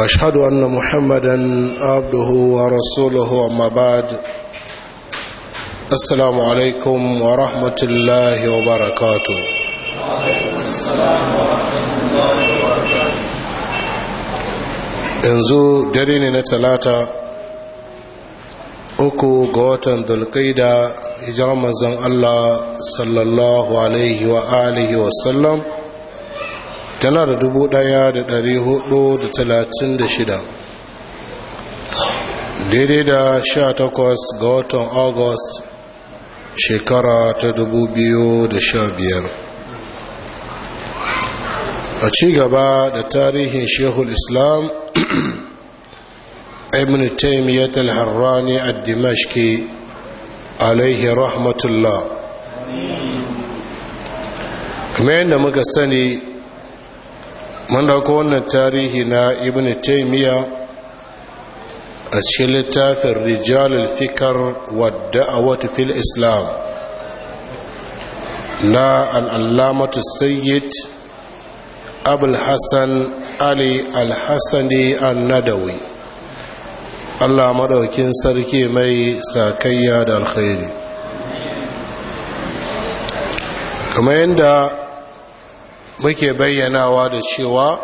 واشهد ان محمدا عبده ورسوله اما بعد السلام عليكم ورحمه الله وبركاته yanzu dare ne na talata uku ga watan dulkaida hijirar manzon allah sallallahu alaihi wa alihi wasallam tana da dubu ɗaya da ɗari hudu da talatin da shida daidai da sha takwas ga watan august shekara ta dubu biyu da sha biyar a cigaba da tarihin shehul islam ibn taimiyyat al-harrani al-dimashki alaihi rahmatullah kamar yadda muka sani mun dauko wannan tarihi na ibn taymiya a cikin littafin rijal fikar wa da'awat fil islam na al'allamatu sayyid abul ali al-hassani an-nadawi allah madaukin sarki mai sakayya da alkhairi kamar yadda muke bayyanawa da cewa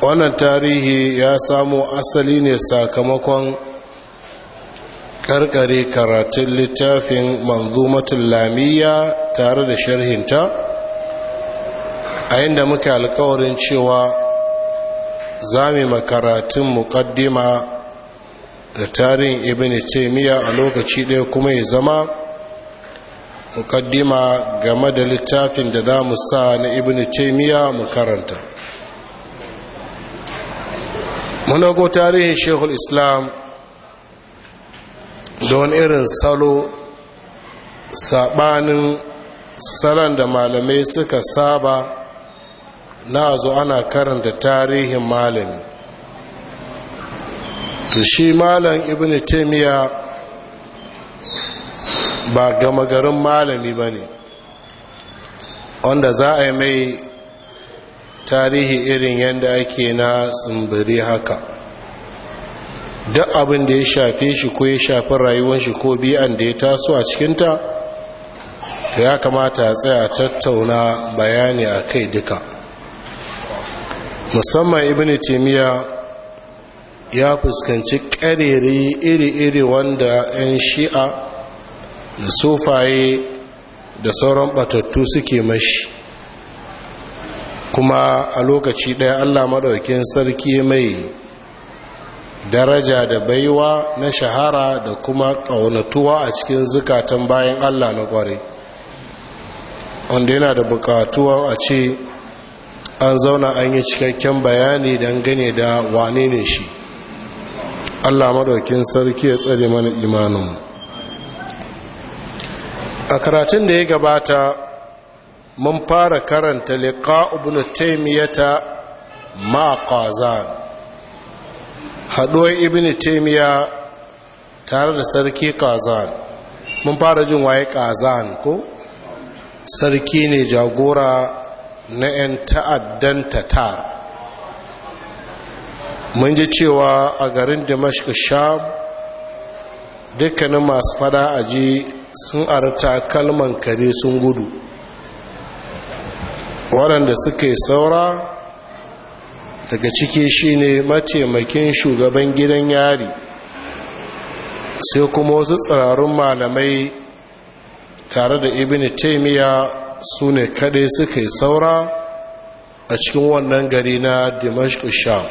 wannan tarihi ya samo asali ne sakamakon karkare karatun littafin manzumatun lamiya tare da sharhinta a inda muke alkawarin cewa za mu makaratun muƙaddima da tarihin ibn taimiyya a lokaci ɗaya kuma ya zama mukaddima game da littafin da za sa na ibn taimiyya mu karanta munago tarihin shehul islam don irin salo sabanin salon da malamai suka saba na zo ana karanta tarihin malami to shi malam ibn taimiyya ba gama garin malami ba ne wanda za a yi mai tarihi irin yadda ake na tsimbiri haka duk abin da ya shafe shi ko ya shafi rayuwar shi ko biyan da ya taso a cikinta ya kamata a tsaya tattauna bayani a kai duka musamman ibn timiya ya fuskanci karere iri-iri wanda 'yan shi'a da sufaye da sauran batattu suke mashi kuma a lokaci ɗaya allah maɗaukin sarki mai daraja da baiwa na shahara da kuma ƙaunatuwa a cikin zukatan bayan allah na ƙware wanda yana da buƙatuwa a ce an zauna an yi cikakken bayani don gane da wane ne shi allah maɗaukin sarki ya tsare mana imaninmu a karatun da ya gabata mun fara karanta liƙa ibn taimiyata ma qazan haɗuwar ibn taimiya tare da sarki qazan mun fara jin waye qazan ko sarki ne jagora na 'yan ta'addan tatar mun ji cewa a garin damashq sha dukkanin masu fada a ji. sun arta kalman kare sun gudu waɗanda suka saura daga ciki shine mataimakin shugaban gidan yari sai kuma wasu tsirarun malamai tare da ibn taimiyya su ne kaɗai suka saura a cikin wannan gari na dimashq sham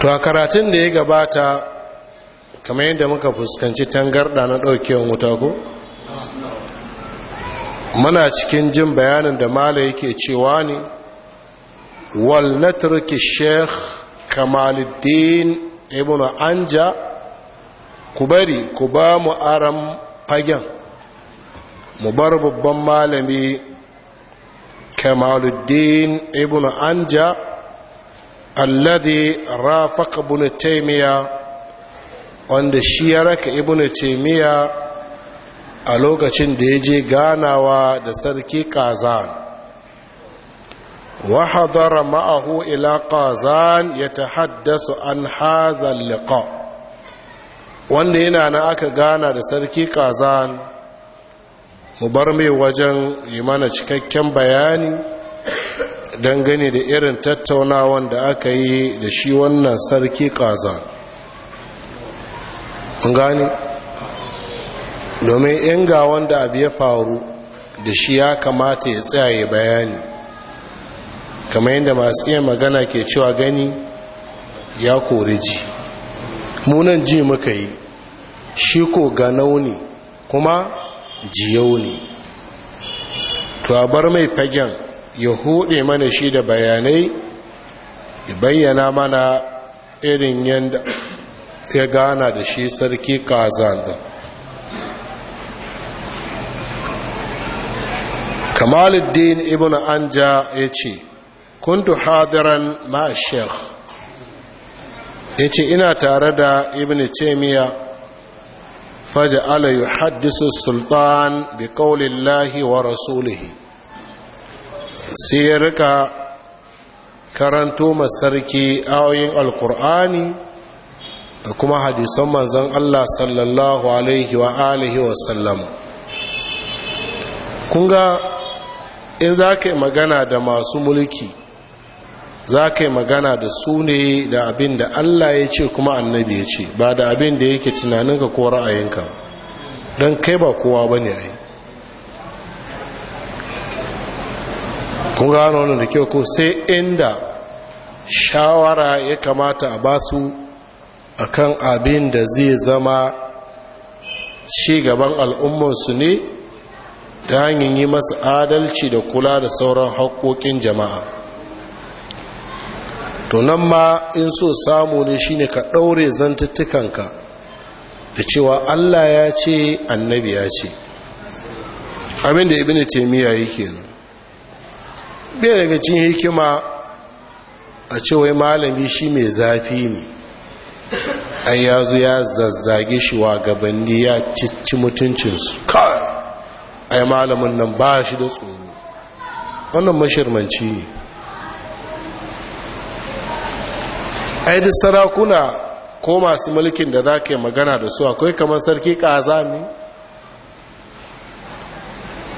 to a karatun da ya gabata kamar yadda muka fuskanci tangarda na ɗaukewan wuta ko muna cikin jin bayanin da mala yake cewa ne wal natarki sheikh kamaluddin ibn anja ku bari ku ba mu aram fagen mu bar babban malami kamaluddin ibn anja alladhi rafaqa ibn taymiya wanda shi ya raka ibn taymiya a lokacin da ya je ganawa da sarki kazan wa hadara ma'ahu ila kazan ya haddasa an hadha liqa wanda yana na aka gana da sarki kazan mu bar mai wajen yi mana cikakken bayani dangane da irin tattaunawan da aka yi da shi wannan sarki kazan an gane domin in ga wanda abu ya faru da shi ya kamata ya tsaye bayani kamar yadda masu iya magana ke cewa gani ya kori ji munan ji muka yi shi ko ganau ne kuma jiyau ne to mai fagen ya hude mana shi da bayanai ya bayyana mana irin yadda ya gana da shi sarki kazan din kamaluddin ibn anja ya ce kuntu hadiran ma sheikh ya ce ina tare da ibn taimiyya faja ala yi haddisu sultan bi kaulillahi wa rasulihi sai ya rika karanto masarki ayoyin alkur'ani da kuma hadisan manzon Allah sallallahu alaihi wa alihi wa sallama kun ga in za ka yi magana da masu mulki za ka yi magana da su ne da abin da Allah ya ce kuma annabi ya ce ba da abin da yake tunaninka ko ra'ayinka don kai ba kowa ba ne a yi kun gano wannan da kyau ko sai inda shawara ya kamata a basu akan abin da zai zama ci gaban al'ummarsu ne ta hanyar yi masu adalci da kula da sauran haƙoƙin jama'a tunan ma in so samu ne shine ka ɗaure ka. da cewa allah ya ce annabi ya ce abin da ibini taimiyya yake nan biya daga cin hikima a cewa malami shi mai zafi ne har ya zo ya zazzage shi wa gabanni ya cicci mutuncinsu kai ai malamin nan ba shi da tsoro wannan mashirmanci ne ai da sarakuna ko masu mulkin da za ka yi magana da su akwai kamar sarki kazami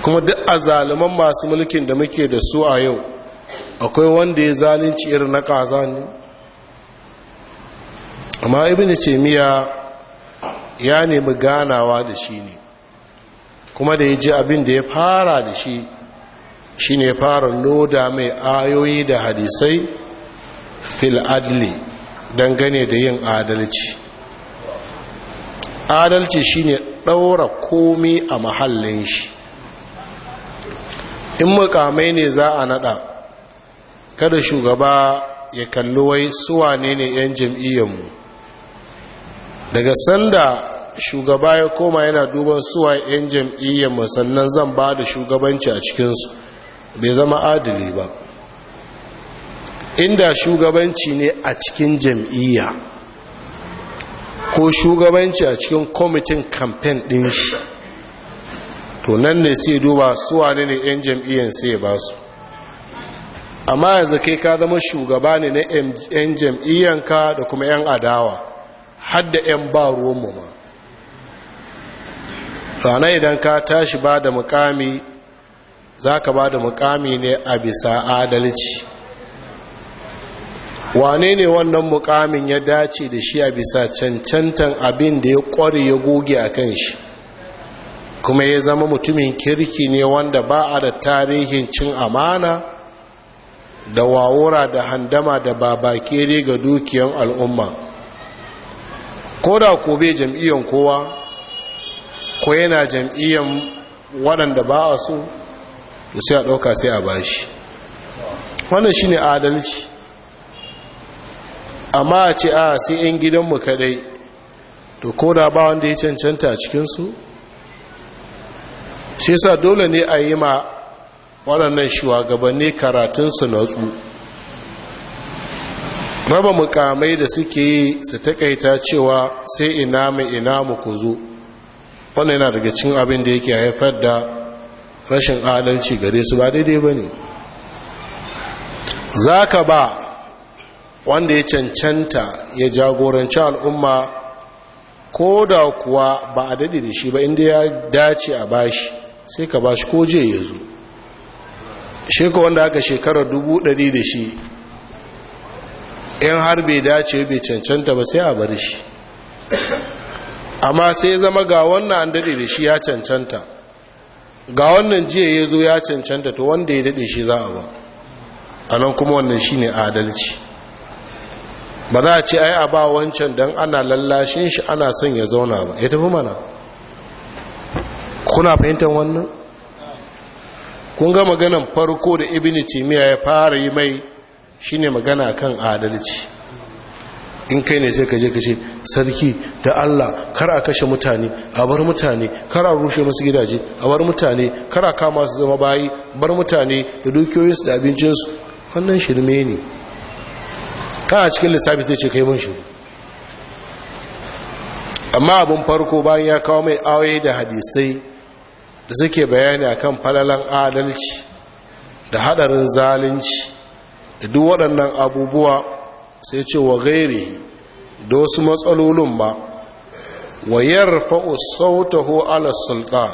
kuma duk a masu mulkin da muke da su a yau akwai wanda ya zalunci irin na kazami amma ce miya ya nemi ganawa da shi ne kuma da ya ji abin da ya fara da shi shi ne fara loda mai ayoyi da hadisai fil adli dangane da yin adalci adalci shine ɗaura komi a mahallin shi in mukamai ne za a nada kada shugaba ya kalli wai suwa ne ne 'yan jam'iyyarmu daga sanda shugaba ya koma yana duban suwa 'yan jam'iyyar sannan zan ba da shugabanci a cikinsu bai zama adali ba inda shugabanci ne a cikin jam'iyya ko shugabanci a cikin kwamitin kamfen ɗin shi to nan ne sai duba suwa ne ne 'yan jam'iyyar sai ba su amma yanzu kai ka zama shugaba ne na 'yan jam'iyyanka da kuma 'yan adawa hadda 'yan ba ruwanmu ma rana idan ka tashi ba da mukami za ka ba da mukami ne a bisa adalci wane ne wannan mukamin ya dace da shi a bisa cancantan abin da ya kware ya goge a kan shi kuma ya zama mutumin kirki ne wanda ba a da tarihin cin amana da wawura da handama da babakere ga dukiyan al'umma ko da ko bai jam'iyyar kowa ko yana jam'iyyar waɗanda ba a so to sai a ɗauka sai a bashi wannan shi ne adalci amma a ce a sai 'yan gidanmu kadai to ko da ba wanda ya cancanta cikinsu shi sa dole ne a yi ma waɗannan shugabanni karatunsu na tsu raba mukamai da suke yi su takaita cewa sai ina mai ina mu ku zo wannan yana daga cikin abin da yake haifar da rashin adalci gare su ba daidai ba ne za ka ba wanda ya cancanta ya jagoranci al'umma ko da kuwa ba a daɗe da shi ba inda ya dace a bashi sai ka bashi ko je ya zo shi wanda aka shekarar dubu ɗari da shi in har bai dace bai cancanta ba sai a bar shi amma sai zama ga wannan an daɗe da shi ya cancanta ga wannan jiya ya zo ya cancanta to wanda ya daɗe shi za a ba a nan kuma wannan shi ne adalci ba za a ce ai a ba wancan don ana lallashin shi ana son ya zauna ba ya tafi mana kuna fahimtar wannan kun ga maganan farko da ibini timiya ya fara yi mai Shi ne magana kan adalci in kai ne sai ka je ka ce sarki da Allah kar a kashe mutane a bar mutane kar a rushe masu gidaje a bar mutane kar a kama su zama bayi bar mutane da dukiyoyinsu da abincinsu wannan shirme ne ka a cikin lissafi sai ce kai mun shiru amma abin farko bayan ya kawo mai awaye da hadisai da suke bayani akan falalan adalci da hadarin zalunci da duk waɗannan abubuwa sai ce wa gairi da wasu matsalolin ba wa yarfa'u sautahu ala sultan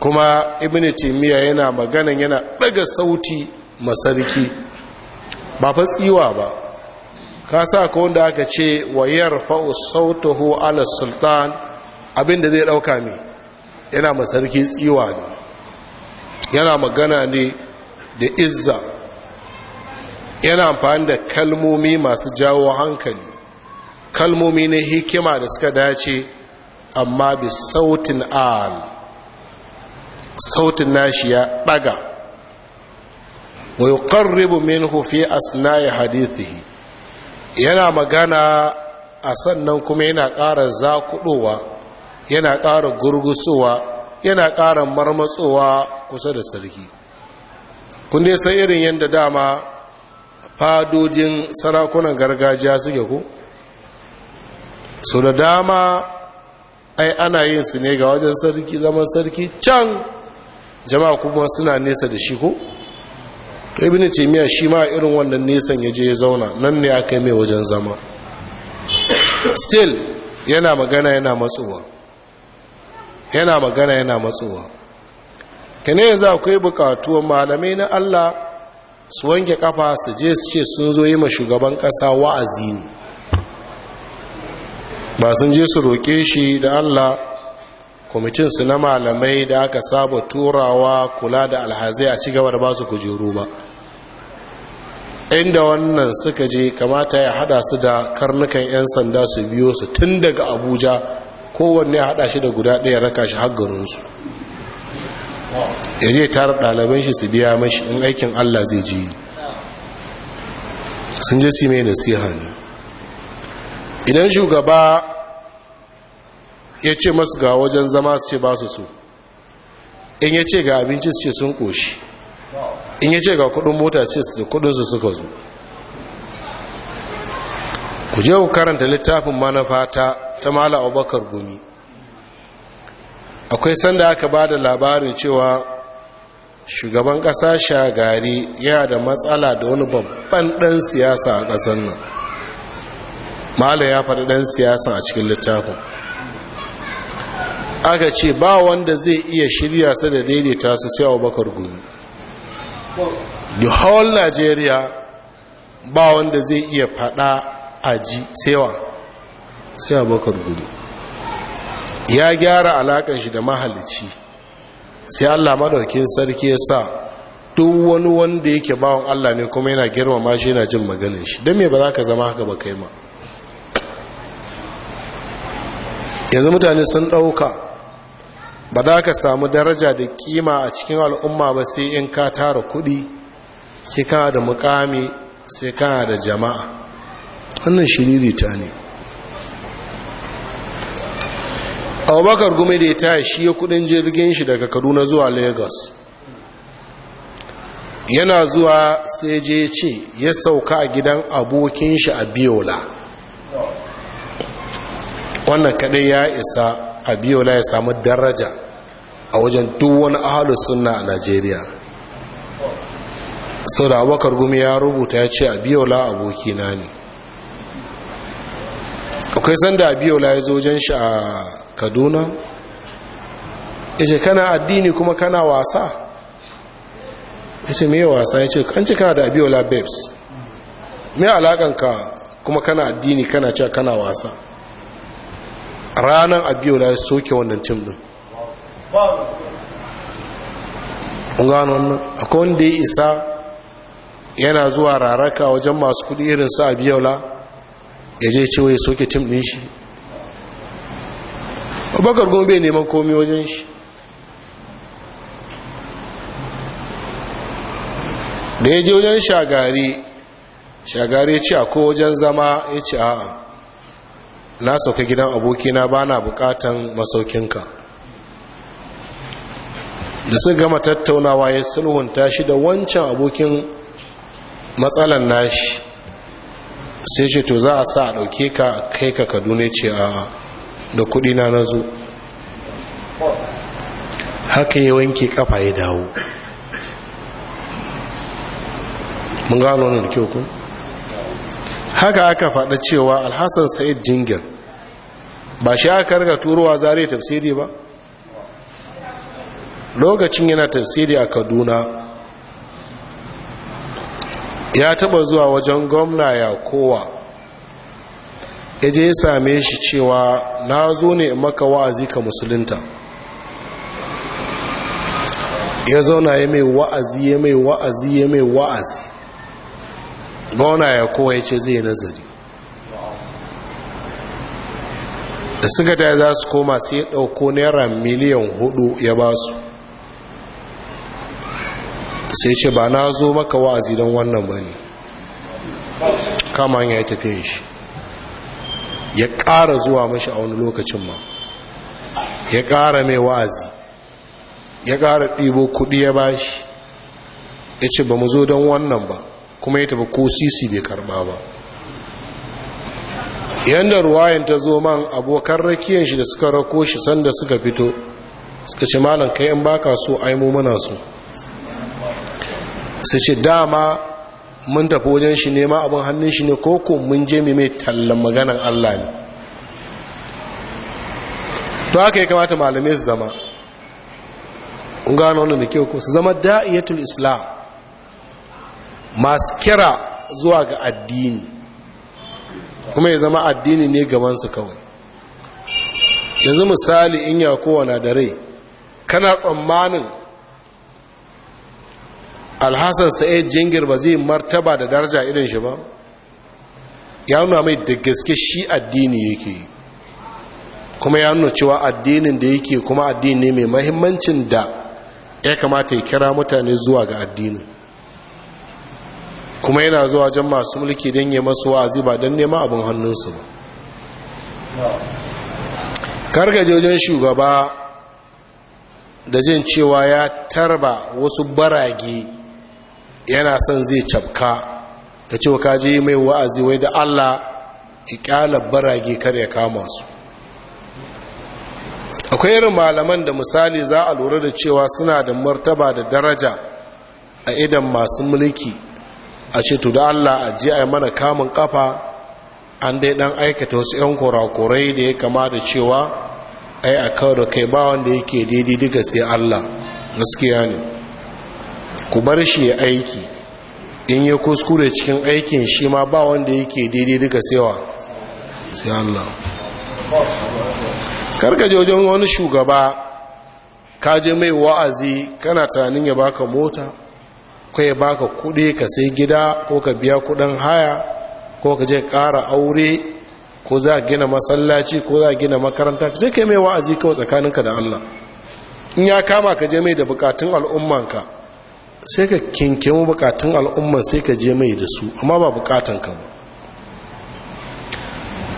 kuma ibn timiya yana maganan yana ɗaga sauti masarki ba fa tsiwa ba ka sa ka wanda aka ce wa yarfa'u sautahu ala sultan abinda zai ɗauka ne yana masarki tsiwa ne yana magana ne da izza yana amfani da kalmomi masu jawo hankali kalmomi ne hikima da suka dace amma bi sautin al sautin nashi ya daga wa yuqarribu minhu fi asna'i hadithi yana magana a sannan kuma yana ƙara zakuɗowa yana ƙara gurgusowa yana ƙara marmatsowa kusa da sarki kun dai san irin yadda dama fadojin sarakunan gargajiya suke ku su da dama ai ana yin su ne ga wajen sarki zaman sarki can jama'a kuma suna nesa da shi ko ibn taymiya shi ma irin wannan nesan je ya zauna nan ne aka yi mai wajen zama still yana magana yana matsowa yana magana yana matsowa kane yanzu akwai bukatuwan malamai na Allah su wanke kafa su je su ce sun zo yi ma shugaban kasa wa'azi ne ba sun je su roƙe shi da allah kwamitinsu na malamai da aka saba turawa kula da alhazai a ci gaba da ba su kujeru ba inda wannan suka je kamata ya hada su da karnukan 'yan sanda su biyo su tun daga abuja kowanne ya hada shi da guda ɗaya raka shi har garinsu ya je tara ɗaliban shi su biya mashi in aikin allah zai ji sun je su mai nasiha ne idan shugaba ya ce masu ga wajen zama su ce ba su so in ya ce ga abinci su ce sun ƙoshi in ya ce ga kudin mota su ce su suka zo ku je ku karanta littafin manufa ta ta mala abubakar gumi akwai sanda aka ba da labarin cewa shugaban ƙasa shagari yana da matsala da wani babban ɗan siyasa a ƙasar nan mala ya faɗi ɗan siyasa a cikin littafin aka ce ba wanda zai iya shirya su da daidaita su sai abubakar gumi the whole nigeria ba wanda zai iya faɗa aji sewa sai abubakar gumi ya gyara alakan shi da mahalici sai Allah madaukin sarki ya sa duk wani wanda yake bawon Allah ne kuma yana girmama shi yana jin maganin shi don me ba za ka zama haka ba kai ma yanzu mutane sun ɗauka ba za ka samu daraja da kima a cikin al'umma ba sai in ka tara kuɗi sai kana da mukami sai kana da jama'a wannan shiriri ta ne abubakar gume da ya taya shi ya kudin jirgin shi daga kaduna zuwa lagos yana zuwa sai je ce ya sauka a gidan abokin shi a Biola. wannan kadai ya isa a Biola ya samu daraja a wajen duk wani ahalus sunna a najeriya sau da abokar gumi ya rubuta ya ce a Biola abokina ne akwai sanda Biola ya zo wajen shi a kaduna ya ce kana addini kuma kana wasa Ya ce me wasa ya an ce kana da abiola babes me alakanka kuma kana addini kana cewa kana wasa ranan abiola ya soke wannan tim din kun gano wannan akwai wanda ya isa yana zuwa raraka wajen masu kudi irin sa abiola ya je cewa ya soke tim din shi abubakar kuma bai neman komi wajen shi da ya je wajen shagari shagari ya ce a ko wajen zama ya ce a'a na sauka gidan abokina ba na bukatan masaukinka da sun gama tattaunawa ya sulhunta shi da wancan abokin matsalan nashi sai shi to za a sa a ɗauke ka kai ka kaduna ce a'a da kudi na zo. haka ya wanke kafa ya dawo mun gano wannan da kyau haka aka faɗa cewa alhassan sa'id jingir ba shi aka riga turowa zare tafsiri ba lokacin yana tafsiri a kaduna ya taba zuwa wajen gwamna ya kowa ya je ya same shi cewa na zo ne maka wa'azi ka musulunta ya zauna ya mai wa'azi ya mai wa'azi ya mai wa'azi gauna ya kowa ya ce zai nazari da suka ta za su koma sai ya ɗauko naira miliyan hudu ya ba su sai ce ba na zo maka wa'azi don wannan ba ne kama ya tafiye shi ya ƙara zuwa mashi a wani lokacin ma ya ƙara mai wa'azi ya ƙara ɗibo kuɗi ya bashi ya ce ba mu zo don wannan ba kuma ya tafi ko sisi bai karɓa ba yadda ruwayan ta zo man abokan rakiyar shi da suka rako shi sanda suka fito suka ce malam kayan baka so aimo mana muna so su ce dama mun tafi wajen shi nema abin hannun shi ne ko ko mun je mai mai tallan maganan Allah ne to haka ya kamata malamai su zama kun gano wannan da kyau ko su zama da'iyatul islam masu kira zuwa ga addini kuma ya zama addini ne gabansu kawai yanzu misali in ya na da rai kana tsammanin alhassan sa'id jingir ba zai martaba da daraja irin shi ba ya nuna mai da gaske shi addini yake kuma ya nuna cewa addinin da yake kuma addini ne mai mahimmancin da ya kamata ya kira mutane zuwa ga addini, kuma yana zuwa jan masu mulki don yi masu wa'azi ba don nema abin hannunsu ba kargajojin shugaba da jin cewa ya tarba wasu barage yana son zai cafka ka ce wa kaji mai wa'azi wai da allah ikyalar barage kar ya kama su akwai irin malaman da misali za a lura da cewa suna da martaba da daraja a idan masu mulki a ce to da allah a ji a mana kamun kafa an dai dan aikata wasu 'yan kurakurai da ya kama da cewa ai a kawo da kai ba wanda yake daidai duka sai allah gaskiya ne ku bar shi ya aiki in ya kuskure cikin aikin shi ma ba wanda yake daidai duka sewa sai Allah karka jojon wani shugaba ka je mai wa'azi kana tunanin ya baka mota ko ya baka kuɗi ka sai gida ko ka biya kuɗin haya ko ka je kara aure ko za a gina masallaci ko za a gina makaranta ka je ka mai wa'azi kawai tsakaninka da Allah in ya kama ka je mai da bukatun al'ummanka sai ka kinkimo bukatun al'umman sai ka je mai da su amma ba bukatan ka ba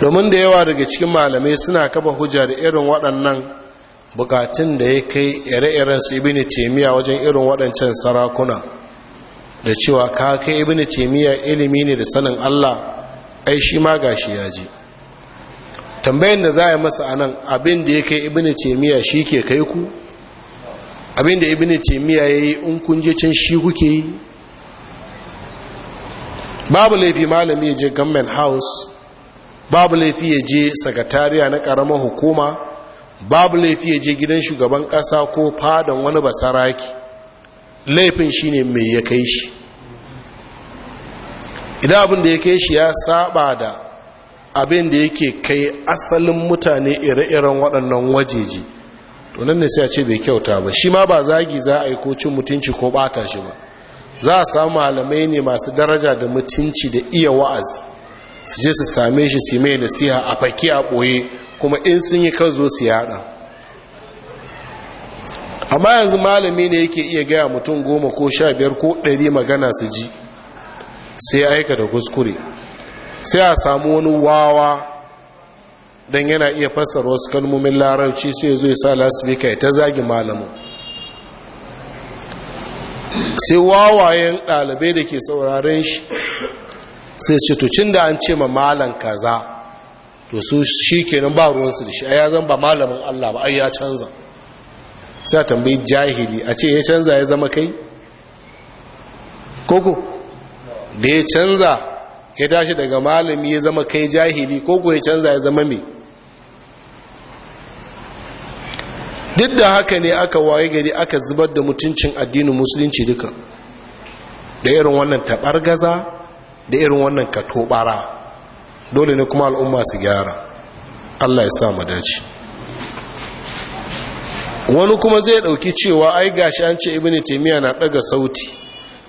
domin da yawa daga cikin malamai suna kaba hujja da irin waɗannan bukatun da ya kai ire-iren su ibini temiya wajen irin waɗancan sarakuna da cewa ka kai ibini temiya ilimi ne da sanin allah ai shi ma gashi ya ji tambayin da za a yi masa a nan abin da ya kai ibini temiya shi ke kai ku abinda miya ya yi in kunje can shi kuke yi babu laifi malami ya je government house babu laifi ya je sakatariya na karamar hukuma babu laifi ya je gidan shugaban kasa ko fadan wani basaraki laifin shine mai ya kai shi idan abin da ya kai shi ya saba da abin da yake kai asalin mutane ire-iren waɗannan wajeji to nan ne sai a ce bai kyauta ba shi ma ba zagi za a yi ko cin mutunci ko bata shi ba za a samu malamai ne masu daraja da mutunci da iya wa'azi su je su same shi su mai nasiha a faki a ɓoye kuma in sun yi kan zo su yada amma yanzu malami ne yake iya gaya mutum goma ko sha biyar ko ɗari magana su ji sai aika da kuskure sai a samu wani wawa don yana iya fassara wasu kalmomin larabci sai zai ya sa lasifika ya ta zagi malamin sai wawayen ɗalibai da ke sauraren shi sai su tucin da an ce ma malan kaza to su shi kenan ba ruwansu da shi a ya zan ba malamin allah ba ai ya canza sai a tambayi jahili a ce ya canza ya zama kai koko da ya canza ya tashi daga malami ya zama kai jahili koko ya canza ya zama mai duk da haka ne aka waye gari aka zubar da mutuncin addinin musulunci duka da irin wannan taɓargaza da irin wannan katobara dole ne kuma al'umma su gyara allah ya sa mu dace wani kuma zai ɗauki cewa ai gashi an ce ibini taimiyya na ɗaga sauti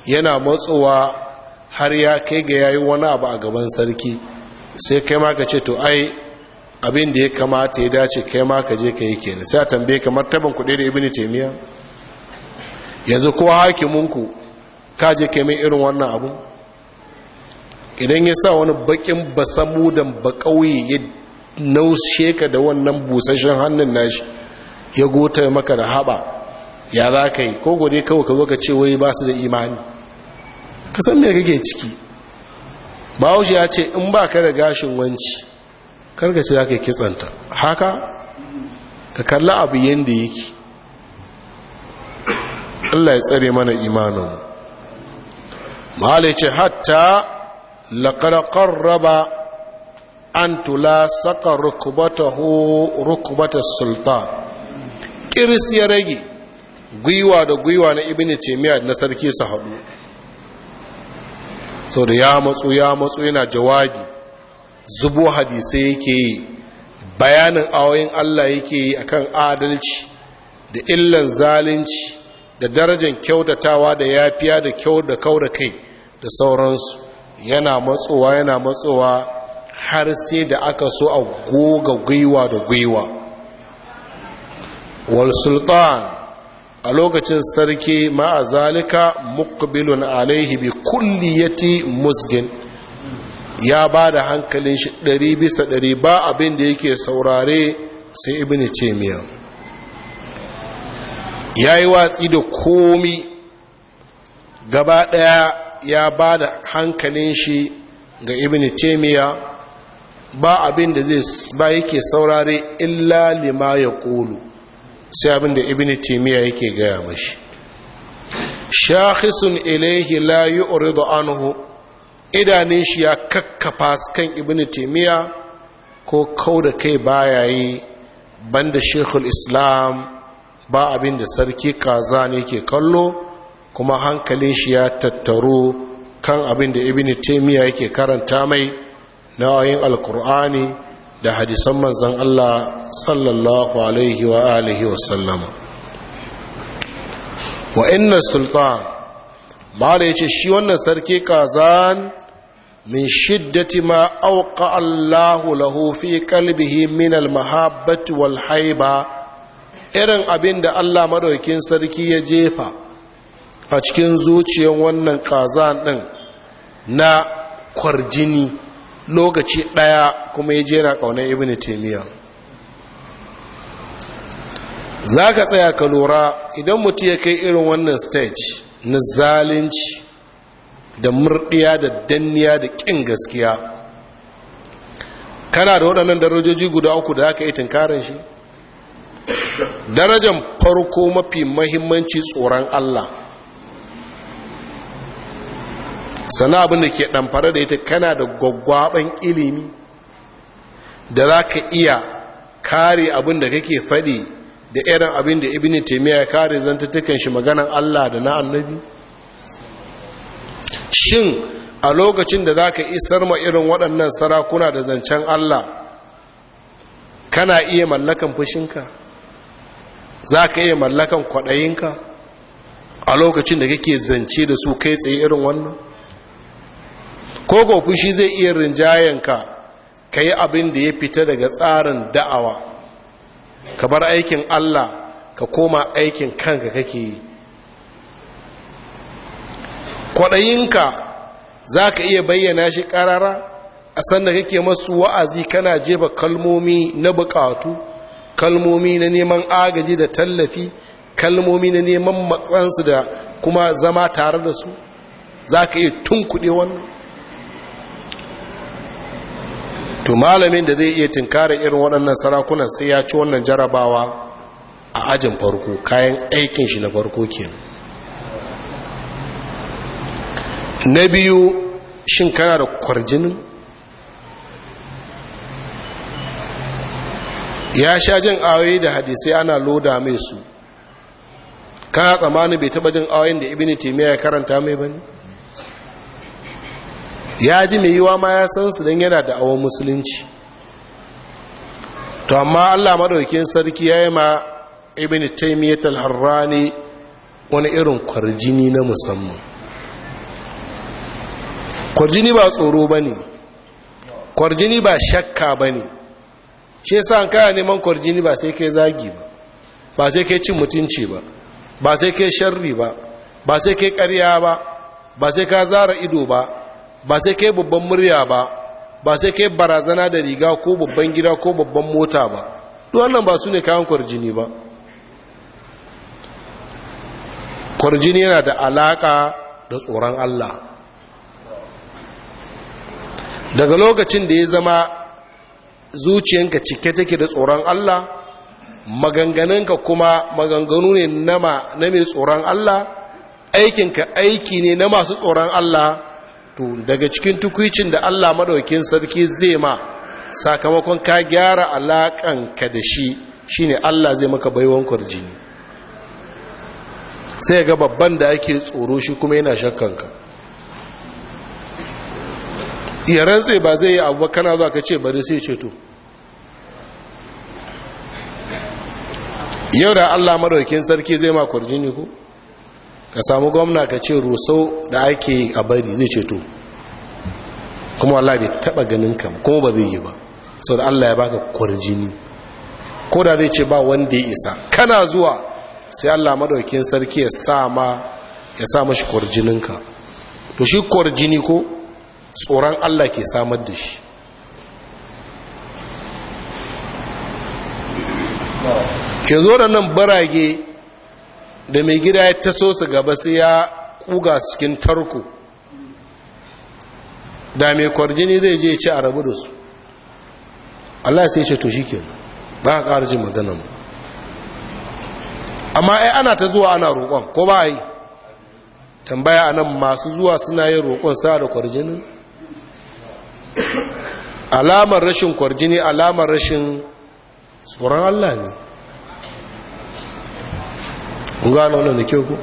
yana matsowa har ya kai ga yayi wani abu a gaban sarki sai kai ma ka ce to ai abin da ya kamata ya dace kai ma ka je ka yi kenan sai a tambaye ka martaban kuɗi da ibini taimiya yanzu ko hakiminku ka je kai mai irin wannan abu idan ya sa wani bakin basamudan bakauye ya naushe ka da wannan busashen hannun nashi ya gota maka da haɓa ya za ka yi ko gode kawai ka zo ka ce wai ba su da imani ka san me kake ciki bahaushe ya ce in ba ka da gashin wanci karka ce za ka kitsanta haka ka kalla abu yadda yake Allah ya tsare mana imaninmu malice hatta laƙarƙar raba an tula saka rukubatar sultan ƙiris ya rage gwiwa da gwiwa na ibini temiya na sarki su haɗu so da ya matsu ya matsu yana jawagi. zubo hadisai yake yi bayanin awayin Allah yake yi akan adalci da illan zalunci da darajar kyautatawa da yafiya da kyau da kau da kai da sauransu yana matsowa yana matsowa har sai da aka so a goga gwiwa da gwiwa wal sultan a lokacin sarki ma'azalika mukbilun alaihi bi kulliyati musgin ya ba da hankalin shi ɗari bisa ɗari ba abin da yake saurare sai ibini ce ya yi watsi da komi gaba ɗaya ya ba da hankalin shi ga ibini ce ba abin da zai ba yake saurare illa lima ya ƙolu sai abin da ibini ce miya yake gaya mashi shakhisun ilaihi la yi anhu idanun shi ya kakkafa kan ibn ko kau da kai bayayi yi banda shekul islam ba abin da sarki kaza ne ke kallo kuma hankalin shi ya tattaro kan abin da ibn taimiyya yake karanta mai na wayin alkur'ani da hadisan manzan allah sallallahu alaihi wa alihi wa sallama wa inna sultan da ya ce shi wannan sarki kazan min shiddati ma auka Allahu lahu fi qalbihi min al wal haiba irin abin da Allah madaukin sarki ya jefa a cikin zuciyar wannan kazan ɗin na kwarjini lokaci ɗaya kuma ya je na kaunar ibnu taymiya zaka tsaya ka lura idan mutum ya kai irin wannan stage na zalunci da murdiya da danniya da kin gaskiya kana da waɗannan darajoji guda uku da aka yi tunkarin shi darajan farko mafi mahimmanci tsoron allah sana abin da ke ɗamfara da ita kana da gwaggwaban ilimi da za ka iya kare abin da kake faɗi da irin abin da ibini taimiyya kare zantattukan shi maganan allah da na annabi shin a lokacin da za ka isar ma irin waɗannan sarakuna da zancen Allah kana iya mallakan fushinka za ka iya mallakan kwaɗayinka a lokacin da kake zance da su kai tsaye irin wannan ko fushi zai iya rinjayenka ka yi abin da ya fita daga tsarin da'awa ka bar aikin Allah ka koma aikin kanka kake yi kwaɗayinka za ka iya bayyana shi ƙarara a sanda kake masu wa'azi kana jefa kalmomi na buƙatu kalmomi na neman agaji da tallafi kalmomi na neman matsansu da kuma zama tare da su za ka iya tunkuɗe wannan to malamin da zai iya tunkarar irin waɗannan sarakunan sai ya ci wannan jarabawa a ajin farko kayan aikin shi na farko kenan na biyu shin kana da kwarjinin ya sha jin awayi da hadisai ana loda mai su kana tsammanin bai taba jin awayin da ibini taimiyya ya karanta mai bane ya ji mai yiwa ma ya san su don yana da awon musulunci to amma allah maɗaukin sarki ya yi ma ibini taimiyya ne wani irin kwarjini na musamman kwarjini ba tsoro ba ne kwarjini ba shakka ba ne shi sa an kaya neman kwarjini ba sai kai zagi ba ba sai kai cin mutunci ba ba sai kai sharri ba ba sai kai karya ba ba sai ka zara ido ba ba sai kai babban murya ba ba sai kai barazana da riga ko babban gida ko babban mota ba duk wannan ba su ne kayan kwarjini ba kwarjini yana da alaka da tsoron Allah daga lokacin da ya zama zuciyanka cike take da tsoron Allah maganganunka kuma maganganu ne na mai tsoron Allah aikinka aiki ne na masu tsoron Allah to daga cikin tukwicin da Allah madaukin sarki zai ma sakamakon ka gyara alaƙanka da shi shine Allah zai maka baiwan kwarjini sai ga babban da ake tsoro shi kuma yana shakkanka ya rantse ba zai yi abu kana zuwa ka ce bari sai ceto yau da allah maraukin sarki zai ma kwarjini ku ka samu gwamna ka ce rusau da ake yi a bari zai ceto kuma allah bai taba ganin kam kuma ba zai yi ba sau da allah ya baka kwarjini ko da zai ce ba wanda ya isa kana zuwa sai allah maraukin sarki ya sa ma ya sa mashi kwarjininka to shi kwarjini ko tsoron Allah ke samar da shi ke zo da nan barage da mai gida ya taso su gaba sai ya kuga cikin tarko da mai kwarjini zai je ci a rabu da su Allah sai ce to shi ke ba ka ƙarji maganan amma ai ana ta zuwa ana roƙon ko ba yi tambaya anan masu zuwa suna yin roƙon sa da kwarjinin alamar rashin kwarjini alamar rashin tsoron Allah ne gano wannan da kyau ku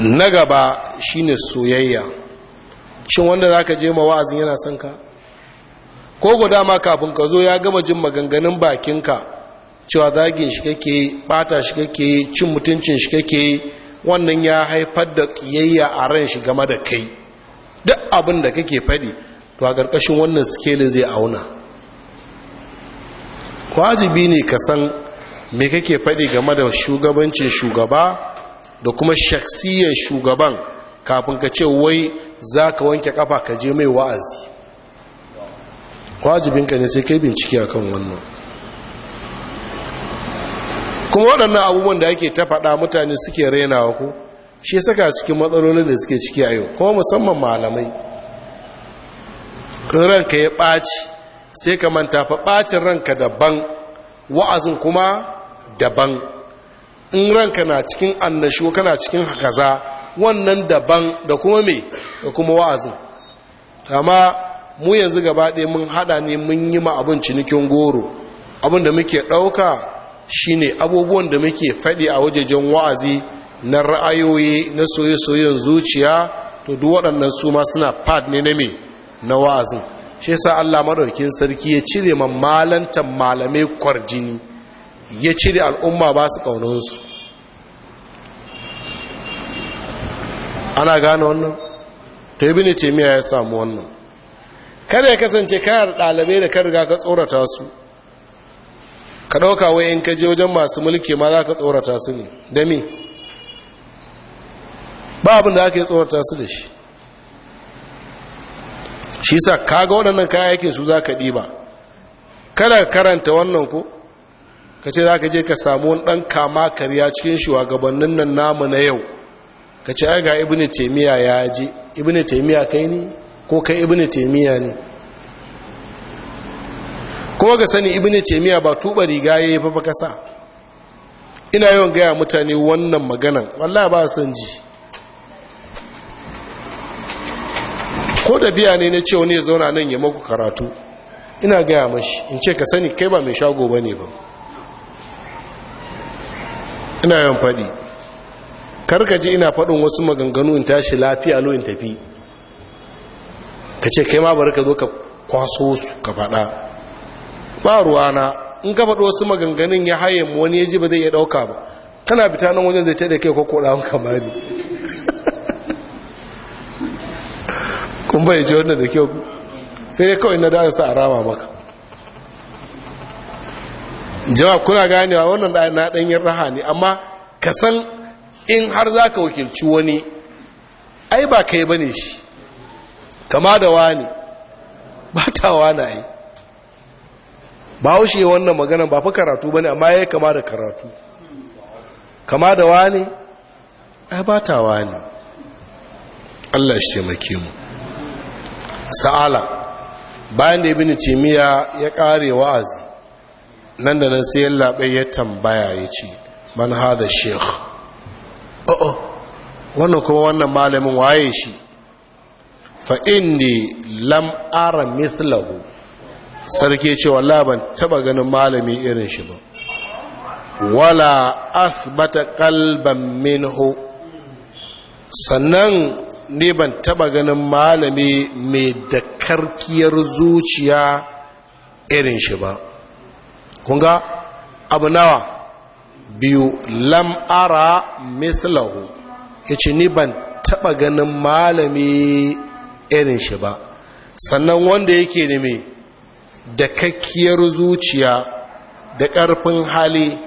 na gaba shine soyayya shin wanda zaka je ma wa'azin yana son ka ko guda ma kafin ka zo ya gama jin maganganun bakinka cewa zagin shi kake bata shi kake cin mutuncin shi kake wannan ya haifar da kiyayya a ran shi game da kai duk abin da kake faɗi to a ƙarƙashin wannan skelin zai auna wajibi ne ka san me kake faɗi game da shugabancin shugaba da kuma shaksiyan shugaban kafin ka ce wai za ka wanke kafa ka je mai wa'azi wajibinka ne sai kai bincike a kan wannan kuma waɗannan abubuwan da ake ta faɗa mutane suke rainawa ku shi saka cikin matsalolin da suke ciki a yau kuma musamman malamai ranka ya ɓaci sai ka manta fa ɓacin ranka daban wa'azin kuma daban in ranka na cikin annashu kana cikin kaza wannan daban da kuma me da kuma wa'azin amma mu yanzu gaba ɗaya mun haɗa ne mun yi ma abin cinikin goro abin da muke ɗauka shine abubuwan da muke faɗi a wajejen wa'azi na ra'ayoyi na soye-soyen zuciya to duk waɗannan su ma suna pad ne na me na wa'azin shi sa Allah madaukin sarki ya cire man malantan malamai kwarjini ya cire al'umma ba su kaunansu ana gane wannan to yi bini temiya ya samu wannan kada ya kasance kayar ɗalibai da ka riga ka tsorata su ka ɗauka wai in ka je wajen masu mulki ma za ka tsorata su ne da me ba abin da ake tsorata su da shi shi sa kaga waɗannan kayayyakin su za ka ɗiba kada karanta wannan ku. ka ce za ka je ka samu wani ɗan kama karya cikin shugabannin nan namu na yau ka ce ga ibini taimiyya ya je ibini taimiyya kai ne ko kai ibini taimiyya ne kuma ga sani ibini taimiyya ba tuba riga ya yi fafa kasa ina yawan gaya mutane wannan maganan wallah ba san ji ko da biya ne na ce wani ya zauna nan ya maku karatu ina gaya mashi in ce ka sani kai ba mai shago ba ne ba ina yawan faɗi karkaji ina faɗin wasu maganganu in tashi lafiya lo in tafi ka ce kai ma bari ka zo ka kwaso su ka faɗa ba ruwana in ka faɗo wasu maganganun ya haye wani ya ji ba zai iya ɗauka ba kana fita nan wajen zai taɗa kai ko koɗa kamari kun bai ce wannan da kyau sai ya kawai na da sa a rama maka jama'a kuna ganewa wannan da na danyen raha ne amma ka san in har za ka wakilci wani ai ba kai ba ne shi kama da wani ba ta wani ai ba haushe wannan magana ba fi karatu ba ne amma ya kama da karatu kama da wani ai ba ta wani Allah shi taimake mu sa'ala bayan da ibini timiya ya kare wa'azi nan da nan sai yallaɓe ya tambaya ya ce man haɗa sheikh o'o oh, oh, wannan kuma wannan malamin waye shi fa ne lam'ara mithlahu sarki ce wala ban taba ganin malami irin shi ba wala asbata kalban minhu sannan ne ban taba ganin malami mai da karkiyar zuciya irin shi ba kunga abu nawa biyu lam'ara mislahu ya ce ni ban taba ganin malami irin shi ba sannan wanda yake ne mai da kakkiyar zuciya da ƙarfin hali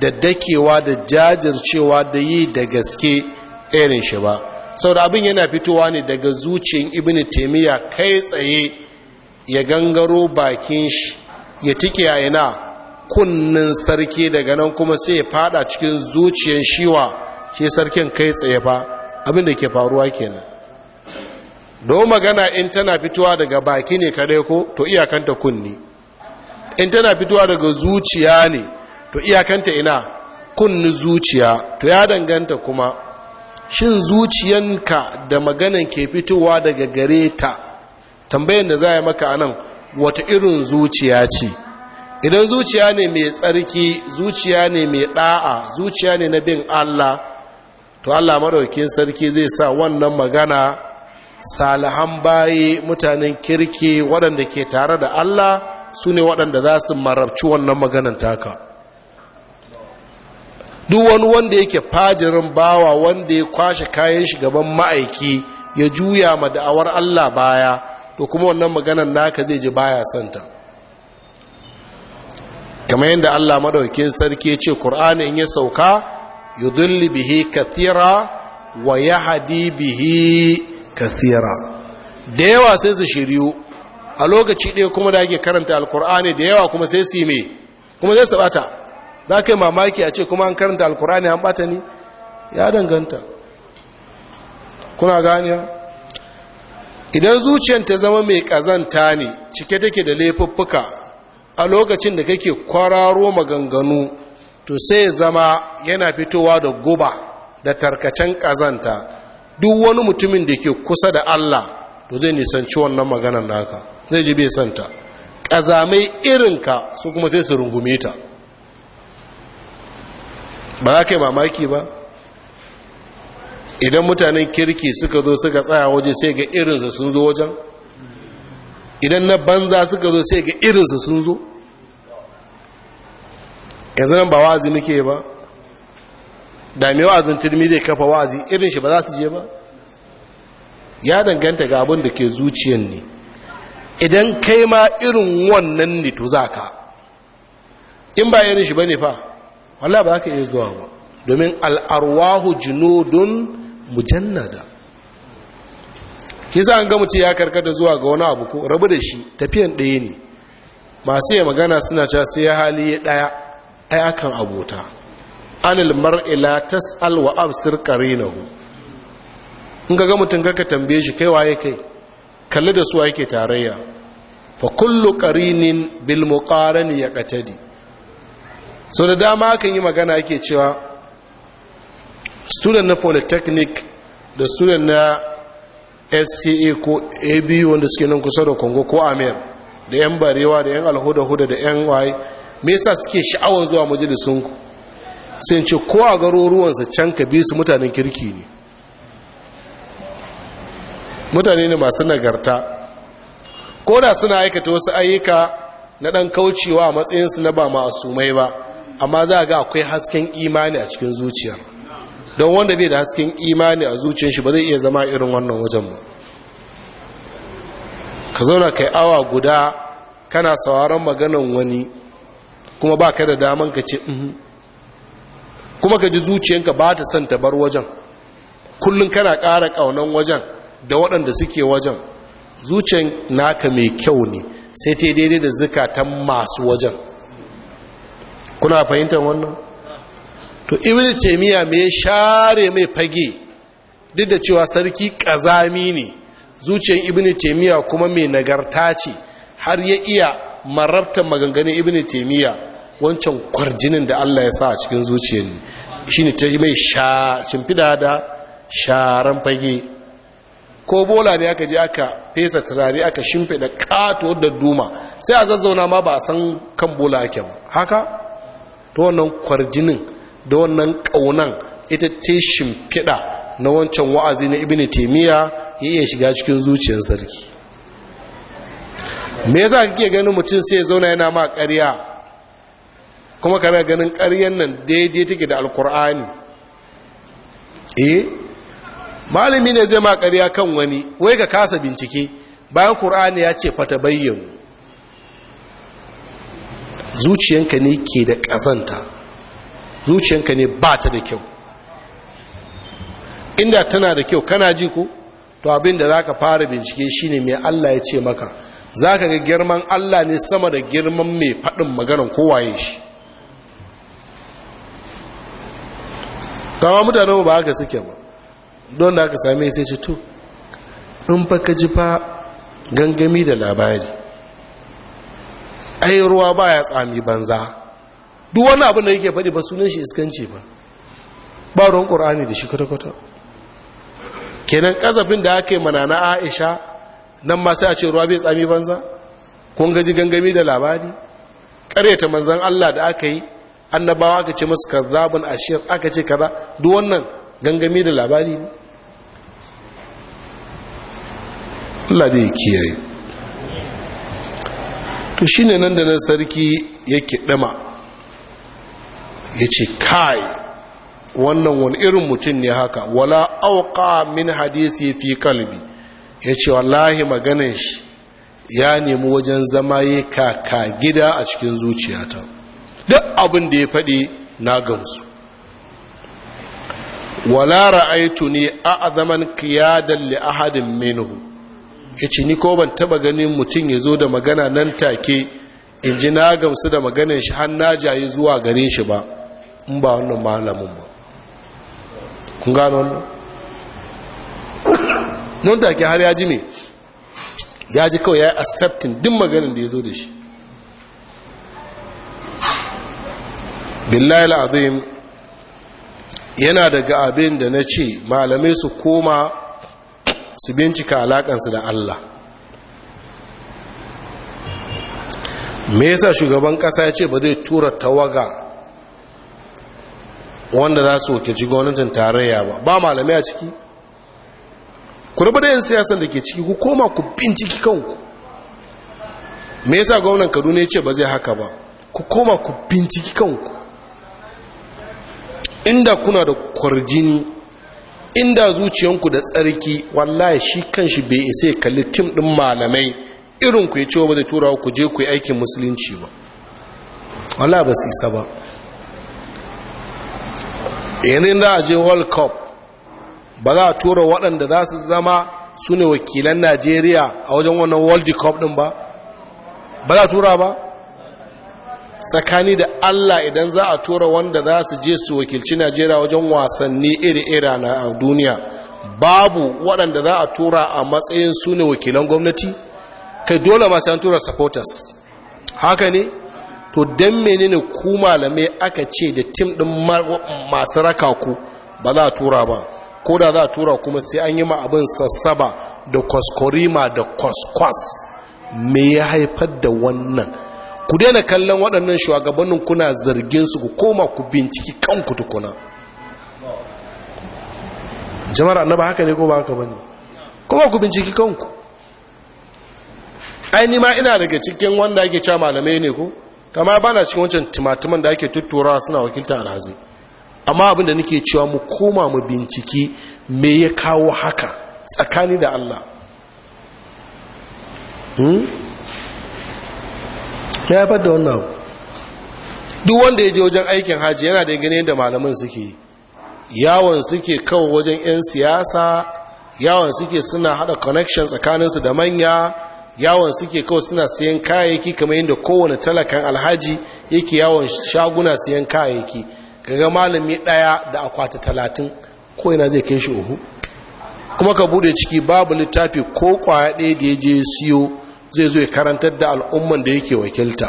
da dakewa da jajircewa da yi da gaske irin shi ba saboda abin yana fitowa ne daga zuciyar ibn taimiyya kai tsaye ya gangaro bakin shi ya tike a ina kunnin sarki daga nan kuma sai ya fada cikin zuciyar shiwa shi sarkin kai tsaye fa abin da ke faruwa kenan don magana in tana fitowa daga baki ne kadai ko to iyakanta kunni in tana fitowa daga zuciya ne to iyakanta ina kunni zuciya to ya danganta kuma shin zuciyanka da maganan ke fitowa daga gare ta tambayin da za a yi maka anan wata irin zuciya ce idan zuciya ne mai tsarki zuciya ne mai ɗa'a zuciya ne na bin allah to allah maraukin sarki zai sa wannan magana salihan baye mutanen kirki waɗanda ke tare da allah su ne waɗanda za su marabci wannan maganan taka duk wani wanda yake fajirin bawa wanda ya kwashe kayan shi gaban ma'aiki ya juya ma da'awar Allah baya to kuma wannan maganar naka zai ji baya santa kamar yadda Allah madaukakin sarki ya ce Qur'ani in ya sauka yudhillu bihi kathira wa yahdi bihi kathira da yawa sai su shiryu a lokaci ɗaya kuma da ake karanta alkur'ani da yawa kuma sai su yi me kuma sai su bata za ka yi mamaki a ce kuma an karanta alkurani an bata ni ya danganta kuna ganiya idan zuciyar ta zama mai kazanta ne cike take da laifuffuka a lokacin da kake kwararo maganganu to sai zama yana fitowa da guba da tarkacen kazanta duk wani mutumin da ke kusa da Allah to zai nisanci wannan maganar naka zai ji bai santa ƙazamai irinka su kuma sai su rungume ta ba za ka yi mamaki ba idan mutanen kirki suka zo suka tsaya waje sai ga irinsa sun zo wajen idan na banza suka zo sai ga irinsa sun zo yanzu nan ba wazi nake ba da wazin wa'azin turmi zai kafa wazi irin shi ba za su je ba ya danganta ga abin da ke zuciyan ne idan kai ma irin wannan ne to za ka in ba irin shi ba ne fa wallahi ba ka iya zuwa ba domin al'arwahu jinodun mujannada kisa an ga mutum ya karkata zuwa ga wani abu ko rabu da shi tafiyan ɗaya ne masu yi magana suna cewa sai ya hali ya ɗaya ai akan abota anil mar'ila tas'al wa absir karinahu in ga mutum ka tambaye shi kai waye kai kalli da su yake tarayya fa kullu qarinin bil muqarani yaqtadi so da dama akan yi magana ake cewa student na polytechnic da student na fca ko abu wanda suke nan kusa da kongo ko amir da yan barewa da yan alhuda da yan waye me yasa suke sha'awar zuwa ku sai ce ko a garuruwansa can ka bi su mutanen kirki ne mutane ne masu nagarta ko da suna aikata wasu ayyuka na ɗan kaucewa a matsayinsu na ba mai ba amma za ga akwai hasken imani a cikin zuciyar don wanda bai da hasken imani a zuciyar shi ba zai iya zama irin wannan wajen ba ka zauna kai awa guda kana sauraron maganan wani kuma ba ka da daman ka ce mhm. kuma ka ji zuciyanka ba ta son ta bar wajen kullum kana ƙara ƙaunan wajen da waɗanda suke wajen zuciyan naka mai kyau ne sai ta daidai da zukatan masu wajen kuna fahimtar wannan to ibn taymiya me share mai fage duk da cewa sarki kazami ne zuciyar ibn taymiya kuma mai nagarta ce har ya iya marabta maganganun ibn taymiya wancan kwarjinin da Allah ya sa a cikin zuciyar ne shine ta mai sha shimfida da sharan fage ko bola ne aka je aka fesa turare aka shimfida katuwar da duma sai a zazzauna ma ba a san kan bola ake ba haka Da wannan kwarjinin da wannan ƙaunan ita ta shimfiɗa na wancan wa'azi na ibini taimiyya ya iya shiga cikin zuciyar sarki me yasa kake ganin mutum sai ya zauna yana ma ƙarya kuma kana ganin ƙaryan nan daidai take da alkur'ani eh malami ne zai ma ƙarya kan wani wai ga kasa bincike bayan kur'ani ya ce fata bayyana zuciyanka ne ke da ƙazanta zuciyanka ne ba ta da kyau inda tana da kyau kana ji ko to abin za ka fara bincike shine mai allah ya ce maka za ka ga girman allah ne sama da girman mai faɗin maganan kowaye shi kama mutane ba haka suke ba don da aka same sai ce to in fa ka ji fa gangami da labari ai ruwa baya tsami banza duk wani abin da yake faɗi ba sunan shi iskanci ba ba ruwan ƙur'ani da shi kwata-kwata kenan ƙazafin da aka yi mana na aisha nan ma sai a ce ruwa bai tsami banza kun gaji gangami da labari ƙaryata manzan allah da aka yi annabawa aka ce masu kazzabin ashir aka ce kaza duk wannan gangami da labari ne Allah bai kiyaye to ne nan da nan sarki yake dama ya ce kai wannan wani irin mutum ne haka wala auka min hadisi fi kalbi ya ce wallahi maganin shi ya nemi wajen zama ya kaka gida a cikin zuciyata duk abin da ya faɗi na gamsu wala ra'aitu ne a azaman kiyadar li ahadin minhu ya ce ni ko ban taba ganin mutum ya zo da magana nan take in ji na gamsu da maganin shi har na jayi zuwa gare shi ba in ba wannan malamin ba kun gano wannan nan take har ya ji ne. ya ji kawai ya yi accepting duk maganin da ya zo da shi billahi al'azim yana daga abin da na ce malamai su koma su bincika alakansu da Allah me yasa shugaban kasa ya ce ba zai tura tawaga wanda za su wakilci gwamnatin tarayya ba ba malamai a ciki ku raba da yin siyasar da ke ciki ku koma ku binciki kanku me yasa gwamnan kaduna ya ce ba zai haka ba ku koma ku binciki kanku inda kuna da kwarjini inda zuciyanku da tsarki wallahi shi kan shi bai isa ya kalli tim din malamai irin ku ya ce ba zai tura ku je ku yi aikin musulunci ba wallahi ba su isa ba yanayin da a je world cup ba za a tura waɗanda za su zama su ne wakilan najeriya a wajen wannan world cup din ba ba za a tura ba tsakani da allah idan za a tura wanda za su je su wakilci najeriya wajen wasanni iri-ira na duniya babu waɗanda za a tura a matsayin su ne wakilan gwamnati kai dole masu yan tura supporters haka ne to don menene ku malamai aka ce da tim ɗin masu raka ku ba za a tura ba ko da za a tura kuma sai an yi ma abin sassaba da kwaskorima da kwaskwas me ya haifar da wannan ku daina kallon waɗannan shugabannin kuna zargin su ku koma ku binciki kanku tukuna jama'ar annaba haka ne ko ba haka bane koma ku binciki kanku ai ni ma ina daga cikin wanda ake cewa malamai ne ko kama ba na cikin wancan timatiman da ake tuttura suna wakilta alhazi amma abin da nake cewa mu koma mu binciki me ya kawo haka tsakani da Allah hmm? ya haifar da wannan duk wanda ya je wajen aikin hajji yana da gane da malamin suke yawon suke kawo wajen 'yan siyasa yawon suke suna hada connection tsakaninsu da manya yawon suke kawai suna siyan kayayyaki kamar yadda kowane talakan alhaji yake yawon shaguna siyan kayayyaki kaga malami daya da akwata talatin ko yana zai kai shi uhu kuma ka bude ciki babu littafi ko kwaya ɗaya da ya je siyo zai zo ya karantar da al'umman da yake wakilta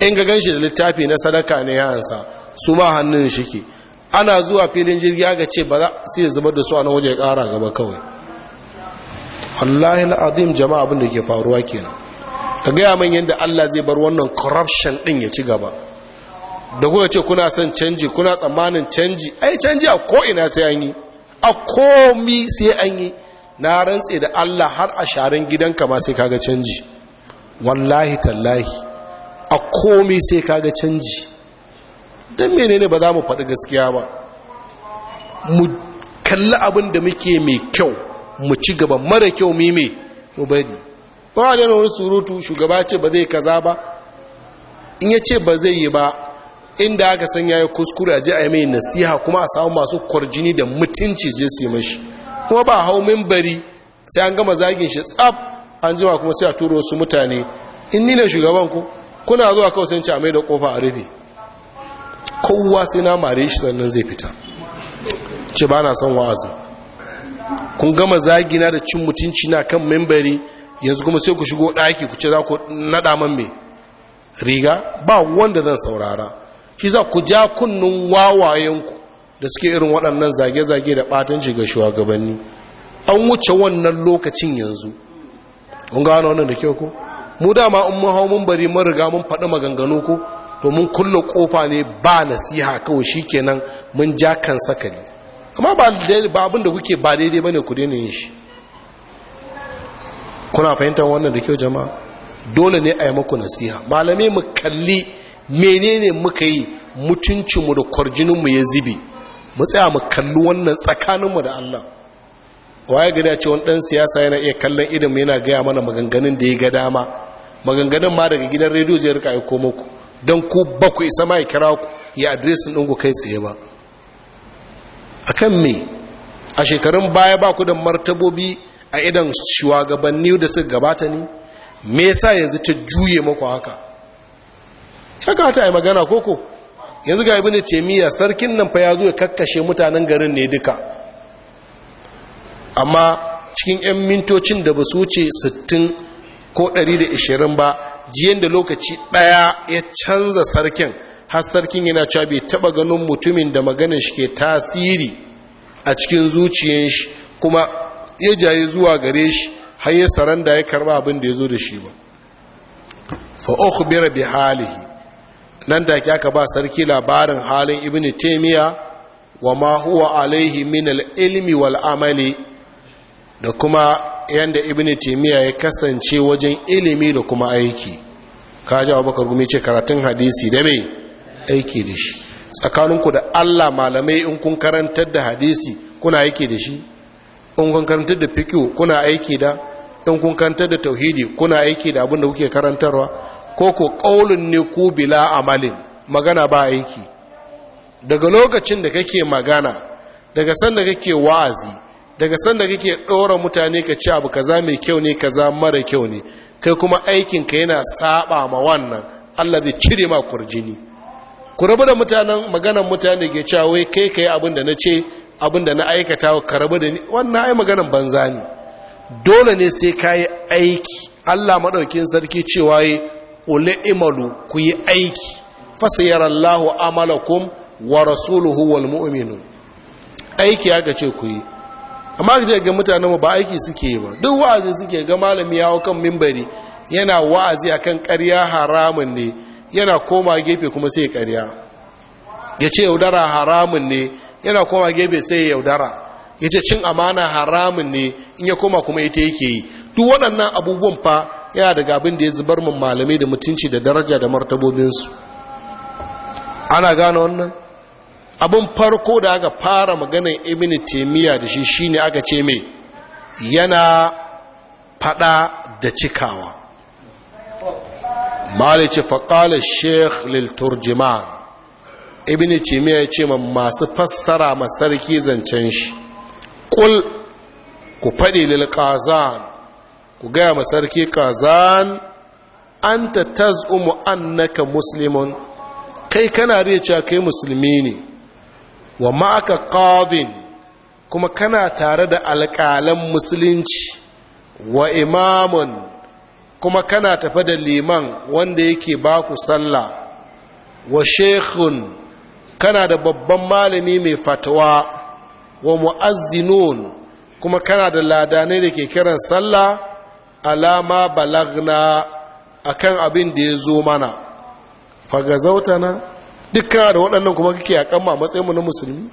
in ga ganshi da littafi na sadaka ne ya ansa su ma hannun shi ke ana zuwa filin jirgi aka ce ba za su zubar da su a nan waje ya kara gaba kawai allahi al'azim jama'a abinda da ke faruwa kenan ka gaya man yadda allah zai bar wannan corruption din ya ci gaba da kuka ce kuna son canji kuna tsammanin canji ai canji a ko'ina sai an yi a komi sai an yi na rantse da Allah har a sharan gidanka ma sai kaga canji wallahi tallahi a komai sai kaga canji don menene ba za mu faɗi gaskiya ba mu kalli abin da muke mai kyau mu ci gaba mara kyau mime mu bari ba da wani surutu shugaba ce ba zai kaza ba in ya ce ba zai yi ba inda aka sanya yayi kuskure ji a yi mai nasiha kuma a samu masu kwarjini da mutunci je su mashi kuma ba hau mimbari sai an gama zagin shi tsab an jima kuma sai a turo wasu mutane in ni ne shugaban ku kuna zuwa kawai sun ci a mai da kofa a rufe kowa sai na mare shi sannan zai fita ce ba na son wa'azi kun gama zagina da cin mutunci na kan mimbari yanzu kuma sai ku shigo ɗaki ku ce za ku naɗa man mai riga ba wanda zan saurara shi za ku ja kunnun wawayenku da suke irin waɗannan zage-zage da ɓatanci ga shugabanni an wuce wannan lokacin yanzu kun gano wannan da kyau ko mu dama in mun hau mun bari mun riga mun faɗi maganganu ko mun kulle kofa ne ba nasiha kawai shikenan mun ja kan sakali amma ba abin da kuke ba daidai bane ku daina yin shi kuna fahimtar wannan da kyau jama'a dole ne a yi muku nasiha malamai mu kalli menene muka yi mutuncinmu da kwarjininmu ya zibe mu tsaya mu kalli wannan tsakaninmu da Allah waye gada ce wani dan siyasa yana iya kallon idan yana gaya mana maganganun da ya ga dama maganganun ma daga gidan rediyo zai rika aiko muku don ku ba ku isa ma ya kira ku ya adresin ɗin ku kai tsaye ba kan me a shekarun baya ba ku da martabobi a idan shugabanni da suka gabata ne me yasa yanzu ta juye muku haka ya kamata a yi magana koko yanzu ga ibini temiya sarkin nan fa ya zo ya kakkashe mutanen garin ne duka amma cikin 'yan mintocin da ba su wuce 60 ko 120 ba jiyan da lokaci ɗaya ya canza sarkin har sarkin yana cewa bai taba ganin mutumin da maganin shi ke tasiri a cikin zuciyar shi kuma ya jaye zuwa gare shi har ya saranda ya karɓa abin da ya zo da shi ba fa ukhbira bi halihi nan da aka ba sarki labarin halin ibn taimiya wa ma huwa alaihi min al’ilmi wal'amali da kuma yadda ibn taimiya ya kasance wajen ilimi da kuma aiki ka ji abubakar gumi ce karatun hadisi da mai aiki da shi tsakaninku da allah malamai in kun karantar da hadisi kuna aiki da shi in kun karantar da fikiyo kuna aiki da in kun karantar da tauhidi kuna aiki da abin da kuke karantarwa ko ko ƙaunin ne ku bila amalin magana ba aiki daga lokacin da kake magana daga sanda kake wa'azi daga sanda kake ɗora mutane ka ci abu kaza mai kyau ne kaza mara kyau ne kai kuma aikin ka yana saba ma wannan Allah zai cire ma kurjini ku rabu da mutanen maganan mutane ke cewa wai kai kai abin da na ce abin da na aikata ka rabu da ni wannan ai maganan banza ne dole ne sai ka yi aiki Allah madaukin sarki cewa yi ƙuli imalu ku yi aiki fasayar allahu amalakum wa rasuluhu wal mu'minu aiki aka ce ku yi amma ka ga mutanen ba aiki suke yi ba duk wa'azi suke ga malami yawo kan mimbari yana wa'azi akan ƙarya haramun ne yana koma gefe kuma sai ƙarya ya ce yaudara haramun ne yana koma gefe sai yaudara ya ce cin amana haramun ne in ya koma kuma ita yake yi duk waɗannan abubuwan fa yana daga abin da ya zubar mun malamai da mutunci da daraja da martabobinsu ana gane wannan abin farko da aka fara maganin ibn taimiyya da shi shine aka ce mai yana fada da cikawa malice faƙala sheikh lilturjiman ibn taimiyya ya ce masu fassara masarki zancen shi ƙul ku faɗi lilƙazan ku gaya ma sarki kazan an ta taz'umu annaka muslimun kai kana riya cewa kai musulmi ne wa ma'aka qadin kuma kana tare da alƙalan musulunci wa imamun kuma kana tafe da liman wanda yake baku sallah wa shekhun kana da babban malami mai fatwa. wa mu'azzinun kuma kana da ladanai da ke kiran sallah alama balagna akan abin da ya zo mana na dukkan da waɗannan kuma kake yakan ma matsayinmu na musulmi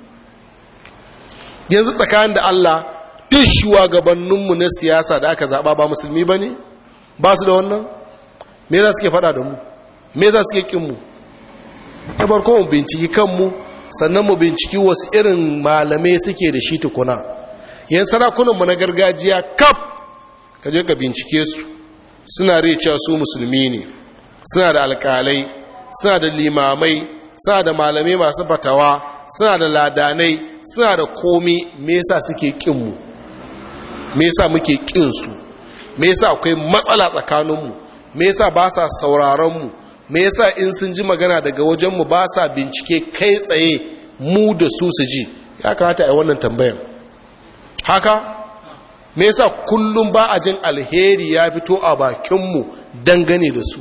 yanzu tsakanin da Allah duk gabaninmu na siyasa da aka zaba ba musulmi ba ne ba su da wannan me za suke faɗa da mu me za suke ƙin mu ta barko binciki kanmu sannan mu binciki wasu irin malamai suke da shi tukuna yan sarakunanmu na gargajiya kaf ka je ka bincike su suna cewa su musulmi ne suna da alkalai suna da limamai suna da malamai masu fatawa suna da ladanai suna da komi me yasa suke kinmu me yasa muke kinsu me yasa akwai matsala tsakaninmu me yasa ba sa sauraronmu me yasa in sun ji magana daga wajenmu ba sa bincike kai tsaye mu da su su ji ya kamata a yi wannan tambayan haka me yasa kullum ba a jin alheri ya fito a bakinmu dangane da su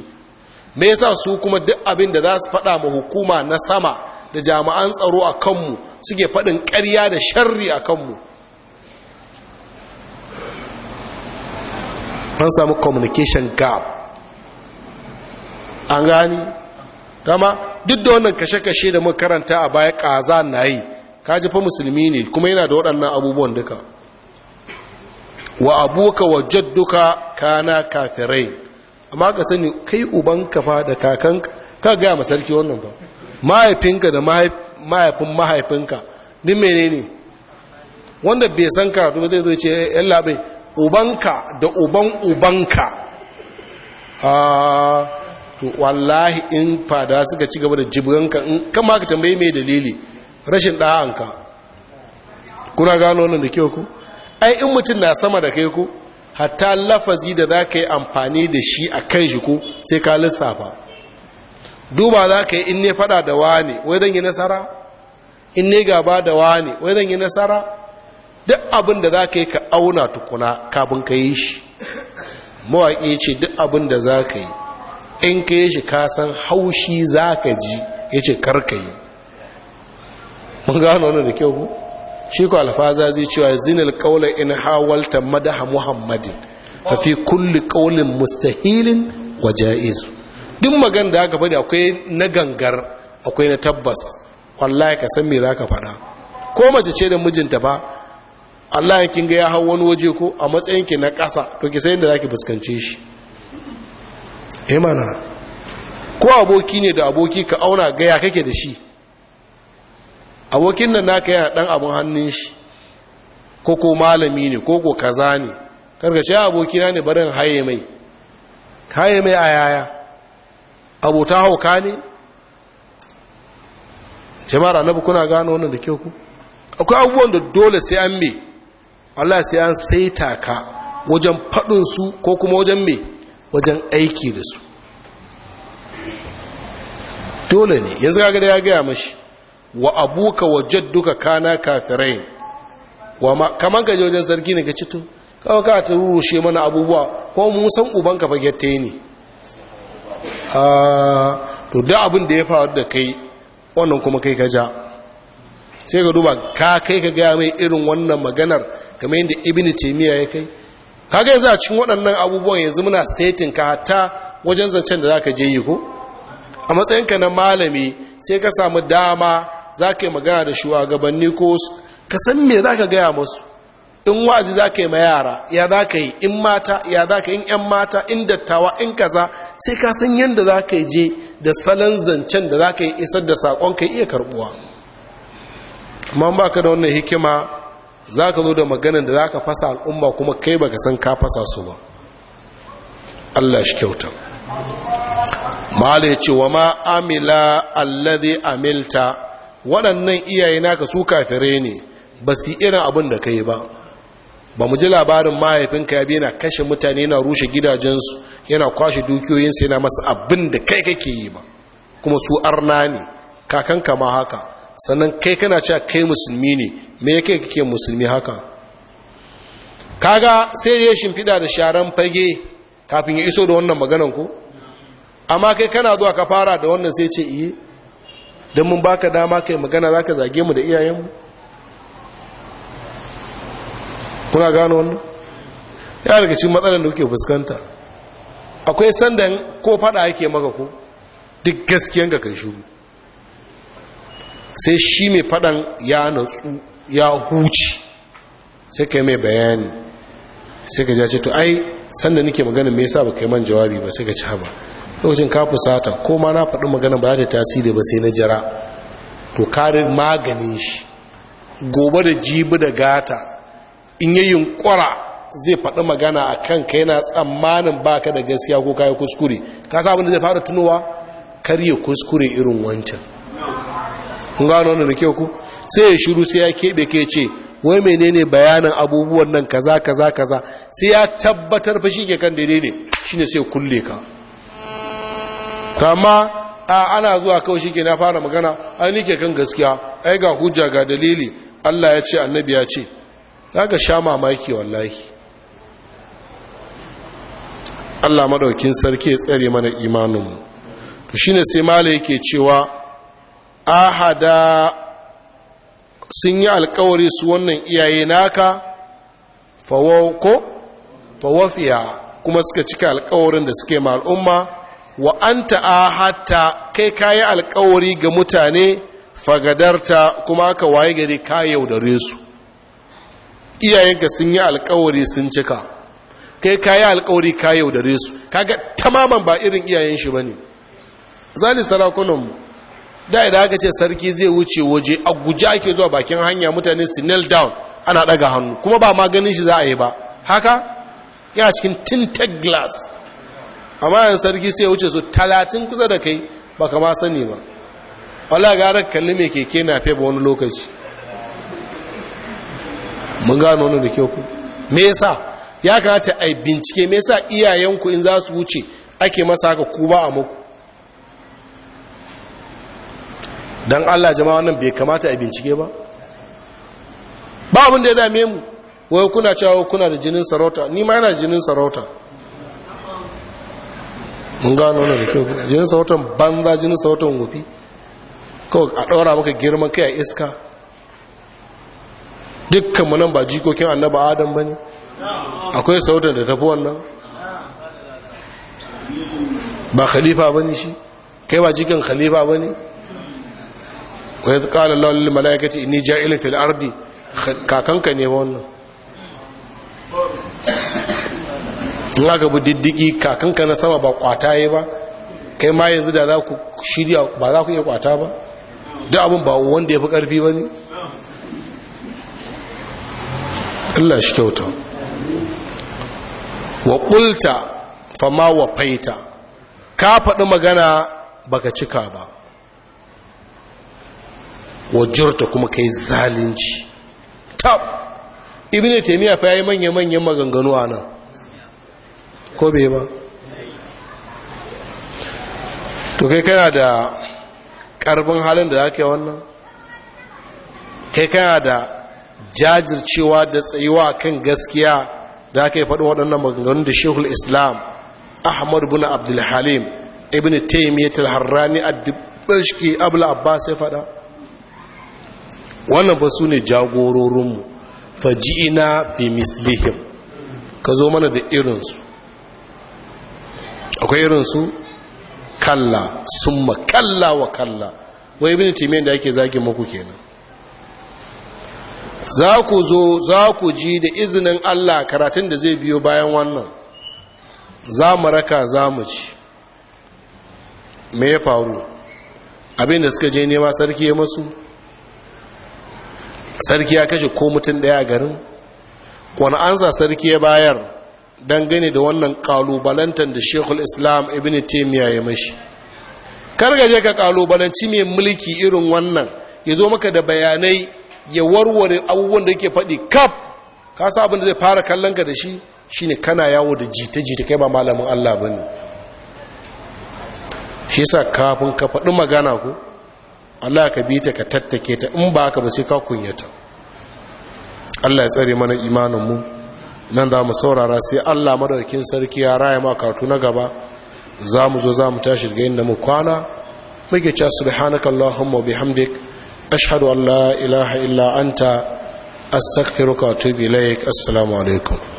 me yasa su kuma duk abin da za su faɗa ma hukuma na sama da jami'an tsaro a kanmu suke faɗin ƙarya da sharri a kanmu an samu communication gap an gani dama duk da wannan kashe-kashe da makaranta a baya ƙaza na yi kaji fa musulmi ne kuma yana da waɗannan abubuwan duka wa abuka wa jadduka kana kafirai amma ka sani kai ubanka fa da kakanka ka gaya ma sarki wannan ba mahaifinka da mahaifin mahaifinka Ni menene wanda bai san karatu ba zai zo ce eh, yan labai ubanka da uban ubanka a ah, to wallahi in fada suka ci gaba da jibganka in kama ka tambaye mai dalili rashin ɗa'anka kuna gano wannan da kyau ku ai in mutum na sama da kai ko hatta lafazi da za ka yi amfani da shi a kan shi ko sai ka lissafa duba za ka yi in ne fada da wane wai zan yi nasara in ne gaba da wane wai zan yi nasara duk abin da za ka yi ka auna tukuna kafin ka yi shi mawaƙi ce duk abin da za ka yi in ka yi shi ka san haushi za ka ji ya ce ka yi mun gano wani da kyau ku shi ko alfaza zai cewa zinil kaula in hawalta madaha muhammadin fa fi kulli qawlin mustahilin wa jaiz duk magan da aka fadi akwai na gangar akwai na tabbas wallahi ka san me zaka faɗa ko mace ce da mijinta ba Allah ya kinga ya hau wani waje ko a matsayin ki na ƙasa to ki san yadda zaki fuskance shi eh mana ko aboki ne da aboki ka auna gaya kake da shi abokin nan naka yana dan abun hannun shi ko ko malami ne ko ko kaza ne karkace abokina ne barin haye mai haye mai a yaya abota hauka ne jama'ar annabi kuna gano wannan da kyau ku akwai abubuwan da dole sai an me Allah sai an saita ka wajen faɗin su ko kuma wajen me wajen aiki da su dole ne yanzu ga da ya gaya mashi wa abuka wa duka kana kafirai wa kaman ka wajen ne ka ci kawai ka ta rushe mana abubuwa ko mu san ubanka ta yi ne ah, to da abin da ya faru da kai wannan kuma kai ka ja sai ka duba ka kai ka gaya mai irin wannan maganar kamar yadda ibini taimiyya ya kai Ka kaga yanzu a cikin waɗannan abubuwan yanzu muna setin ka hatta wajen zancen da za ka je yi ko a matsayinka na malami sai ka samu dama za ka yi magana da shuwagabanni ko ka san me za ka gaya masu in wazi za ka yi ma yara ya za ka yi in mata ya za ka yi in 'yan mata in dattawa in kaza sai ka san yadda za ka yi je da salon zancen da za ka yi isar da saƙon ka iya karɓuwa amma ba ka da wannan hikima za ka zo da maganin da za ka fasa al'umma kuma kai ba ka san ka fasa su ba allah shi kyauta ma'ala ya ce wa ma amila alladhi amilta waɗannan iyaye naka su kafire ne ba su irin abin da ka yi ba ba mu ji labarin mahaifinka ya biya yana kashe mutane yana rushe gidajensu yana kwashe dukiyoyinsu yana masa abin da kai kake yi ba kuma su arna ne kakanka ma haka sannan kai kana cewa kai musulmi ne me yake kake musulmi haka kaga sai ya shimfiɗa da sharan fage kafin ya iso da wannan maganan ko amma kai kana zuwa ka fara da wannan sai ce iya don mun baka dama kai magana za ka zage mu da iyayenmu kuna gano wannan ya daga cikin matsalar da kuke fuskanta akwai sanda ko fada yake maka ko duk gaskiyan ga kai shuru sai shi mai fadan ya natsu ya huci sai kai mai bayani sai ka ce to ai sanda nake magana me yasa baka yi man jawabi ba sai ka ci haba lokacin ka fusata ko ma na faɗi magana ba da tasiri ba sai na jira to karin maganin shi gobe da jibi da gata in yi yunkura zai faɗi magana a kan ka yana tsammanin ba ka da gaskiya ko kayan kuskure ka sa abinda zai fara tunowa karye kuskure irin wancan kun gano wani rike ku sai ya shiru sai ya keɓe ke ce wai menene bayanin abubuwan nan kaza kaza kaza sai ya tabbatar fashi shi ke kan daidai ne shine sai kulle ka amma a ana zuwa kawai shi ke na fara magana ai nike kan gaskiya ai ga hujja ga dalili Allah ya ce annabi ya ce za ka sha mamaki wallahi Allah madaukin sarki ya tsare mana imaninmu to shine sai mala yake cewa ahada sun yi alkawari su wannan iyaye naka fawo ko fawafiya kuma suka cika alkawarin da suke ma al'umma wa a hatta kai kayi alkawari ga mutane fagadarta kuma aka waye gari ka yaudare su iyayenka sun yi alkawari sun cika kai kayi alkawari ka yaudare su kaga tamaman ba irin iyayen shi bane zali sarakunan da idan aka ce sarki zai wuce waje a guje ake zuwa bakin hanya mutane su nail down ana daga hannu kuma ba maganin shi za a yi ba haka ya cikin tinted glass amma yin sarki sai wuce su talatin kusa da kai ba kama sani ba wala gara kalli mai keke na fi ba wani lokaci mun gano wani da kyau ku me yasa ya kamata a bincike me yasa iyayenku in za su wuce ake masa haka ku ba a muku don allah jama'a nan bai kamata a bincike ba ba abin da ya dame mu wai kuna cewa kuna da jinin sarauta ni ma yana jinin sarauta mun gano na da kyau jini sautan banza jini sautan wufi kawai a ɗaura maka girman kai a iska dukkanmu nan ba jikokin annaba adam ba ne akwai sautan da tafi wannan ba khalifa ba ne shi kai ba jikin khalifa ba ne wai kala lalil mala'ikati inni ja'ilin fil ardi kakanka ne ba wannan in aka bi diddiki kakanka na sama ba kwata yi ba kai ma yanzu da za ku shirya ba za ku iya kwata ba duk abin ba wanda ya fi ƙarfi ba ne Allah shi kyauta wa ƙulta fama wa faita ka faɗi magana baka cika ba wa jirta kuma kai zalunci tab ibi ne fa yayi manya manyan maganganu a nan. ko bai ba to kai kana da karbin halin da zaka yi wannan kai kana da jajircewa da tsayuwa kan gaskiya da aka yi faɗi waɗannan maganganun da shehul islam ahmad bin abdulhalim ibn taimiyyat al-harrani ad-dibashki abul abbas ya faɗa wannan ba su ne jagororinmu faji'ina bi mislihim ka zo mana da irinsu akwai irin su kalla summa kalla wa kalla wai ibn timiyyar da ake zagin muku kenan za ku zo za ku ji da izinin allah karatun da zai biyo bayan wannan za mu raka za mu ci me ya faru abin da suka je nema sarki ya masu sarki ya kashe ko mutum daya a garin wani ansa sarki ya bayar dangane da wannan kalubalantar da shekul islam ibn taimiyya ya mashi je ka kalubalanci mai mulki irin wannan ya zo maka da bayanai ya warware abubuwan da yake faɗi kaf kasa sa abin da zai fara kallon ka da shi shine kana yawo da jita-jita kai ba malamin allah ba ne shi sa kafin ka faɗi magana ku allah ka bi ta ka tattake ta in ba ka ba sai ka kunyata allah ya tsare mana imaninmu mu nan da mu saurara sai allah madaukin sarki ya raya ma katu na gaba za mu zo za mu tashi daga inda mu kwana muke cewa subhanaka allahumma bihamdik ashhadu an la ilaha illa anta astaghfiruka wa atubu ilaik assalamu alaikum